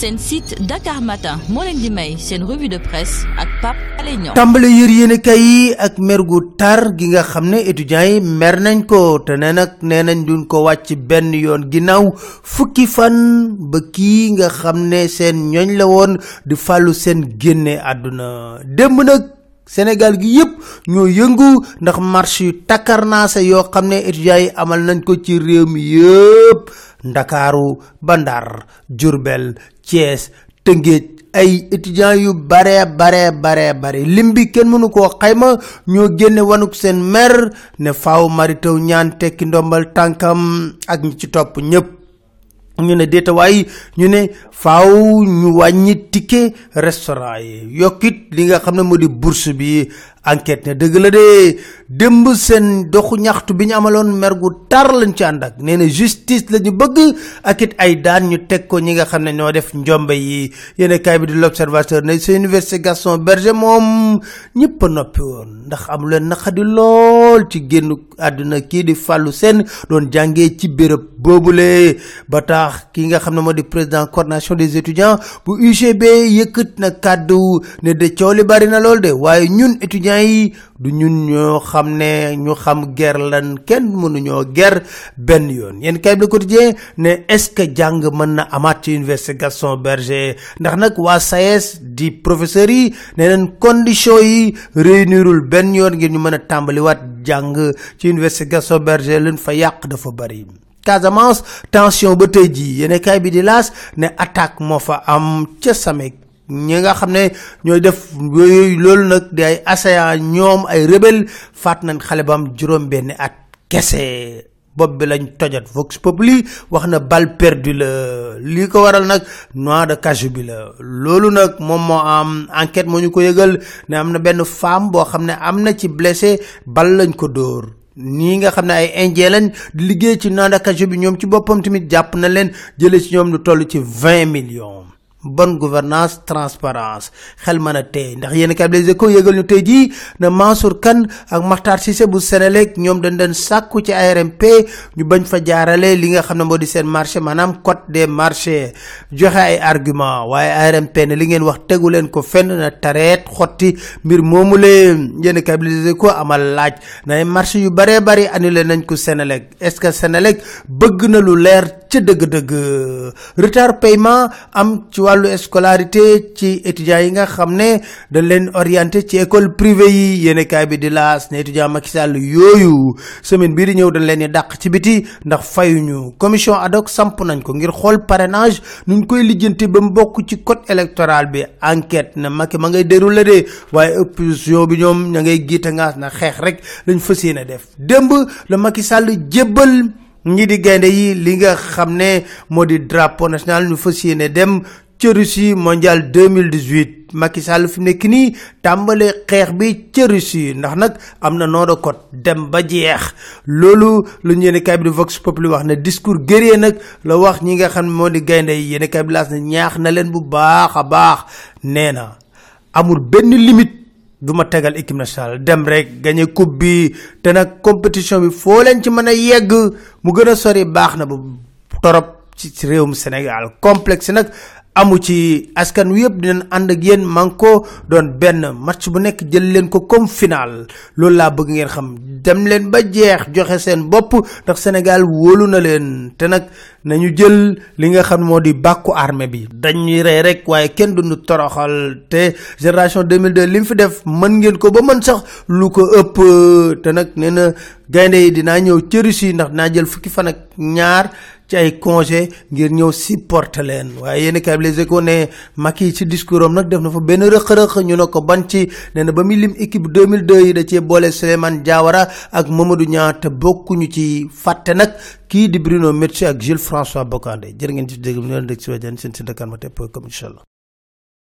seen site Dakar Matin moo leen di may seen revue de presse ak Pape Alé Niang tàmbale yër yi ak mer tar gi nga xam ne étudiants yi mer nañ ko te nee nag nee nañ duñ ko wàcc benn yoon ginnaaw fukki fan ba kii nga xam ne seen ñooñ la woon di fàllu seen génne àdduna démb nag Sénégal gi yëpp ñoo yëngu ndax marche yu takkar takkarnaase yoo xam ne étudiants yi amal nañ ko ci réew mi yëpp Ndakaaru ba Ndar Jurbel Thiès Tëngéej ay étudiants yu bare bare bare bare lim bi kenn mënu koo xayma ñoo génne wanuk seen mer ne faaw Mary ñaan tekki ndombal tànkam ak ñi ci topp ñépp ñu ne déetawaay ñu ne faw ñu wàññi ticket restaurant yi yokkit li nga xam ne moo di bourse bi enquête ne dëgg la de dëmb seen doxu ñaxtu bi ñu amaloon mer gu tar lañ ci ànd ak nee na justice la ñu bëgg ak it ay daan ñu teg ko ñi nga xam ne ñoo def njombe yi yéen kaay bi di l'observateur ne seen université Gaston Berger moom ñëpp a noppi woon ndax am leen naqadi lool ci génn àdduna kii di fàllu seen doon jàngee ci béréb boobule ba tax ki nga xam ne moo di président coordination des étudiants bu UGB yëkkat na kàddu ne de coow li bari na lool de waaye ñun étudiants yi du ñun ñoo xam ne ñu xam ger lan kenn mënuñoo ger benn yoon yéen kay le quotidien ne est-ce que jàng mën na amaat ci université Gaston Berger ndax nag waa SAES e di professeurs yi ne neen conditions yi réunirul benn yoon ngir ñu mën a tàmbaliwaat jàng ci université Gaston Berger leen fa yàq dafa bari Casamance tension ba tey jii yéen kaay bi di laas ne attaque moo fa am ca Samek ñi nga xam ne ñooy def yooyu loolu nag di ay assaillants ñoom ay rebelle faat nañ xale ba am juróom benn at kese bopp bi lañ tojat Vox Populi wax na balle perdue la lii ko waral nag noix de cajou bi la loolu nag moom moo am enquête moo ñu ko yëgal ne am na benn femme boo xam ne am na ci blessé bal lañ ko dóor nii nga xam ne ay indien liggéey ci Nanda Kajo bi ñoom ci boppam tamit jàpp na leen jële ci ñoom lu toll ci vingt millions. bonne gouvernance transparence xel mën a tey ndax yéen kay Les Échos yëgal ñu tey jii na Mansour kan ak Makhtar Cissé bu Senelec ñoom dañ leen sàkku ci ARMP ñu bañ fa jaarale li nga xam ne moo di seen marché maanaam code des marchés joxe ay argument waaye ARMP ne li ngeen wax tegu leen ko fenn na tareet xotti mbir moomu leen yéen kay ko amal laaj na marché yu baree bari annulé nañ ko Senelec est-ce bëgg na lu leer ca dëgg-dëgg retard paiement am ci wàllu scolarité ci étudiants yi nga xam ne dañ leen orienté ci école privée yi yéenekaay bi di laas ne étudiant Macky Sall yooyu semaine bii di ñëw dañ leen di dàq ci biti ndax fayuñu commission ad hoc samp nañ ko ngir xool parrainage nuñ koy lijjanti ba mu bokk ci code électoral bi enquête na Macky ma ngay déroulé de waaye opposition bi ñoom ña ngay giita ngaas na xeex rek lañ fas yéene def démb la Macky jébbal ñi di gaynde yi li nga xam ne moo di drapeau national ñu fas yéene dem ca Russie mondial 2018 Macky Sall fi mu nekk nii tàmbalee xeex bi ca Russie ndax nag am na noo ko dem ba jeex loolu lu ñu yéene kaay bi di Vox Populi wax ne discours guerrier nag la wax ñi nga xam moo di gaynde yi yéene kaay bi laas na ñaax na leen bu baax a baax nee na amul benn limite duma tegal équipe nationale dem rek gagné coupe bi te nag compétition bi foo leen ci mën a yegg mu gën a sori baax na bu torop ci ci réewum Sénégal complexe nag amu ci askan wi yëpp dinañ ànd ak yéen manko doon benn match bu nekk jël leen ko comme final loolu laa bëgg ngeen xam dem leen ba jeex joxe seen bopp ndax Sénégal woolu na leen te nag nañu jël li nga xam moo di bàkku armée bi dañuy rey rek waaye kenn duñu toroxal te génération 2002 li lim fi def mën ngeen ko ba mën sax lu ko ëpp te nag nee na gaynde yi dinaa ñëw ci Russie ndax dinaa jël fukki fan ak ñaar ci ay congé ngir ñëw supporter leen waaye yéen kay les échos ne Macky ci discours am nag def na fa benn rëq-rëq ñu ne ko ban ci nee na ba muy lim équipe 2002 yi da cee boole Souleymane Diawara ak Mamadou Niang te bokkuñu ci fàtte nag kii di Bruno Metsu ak Jules François Bocandé jërë ngeen ci dégg ñu leen dégg si wajan seen si Dakar Matin point com incha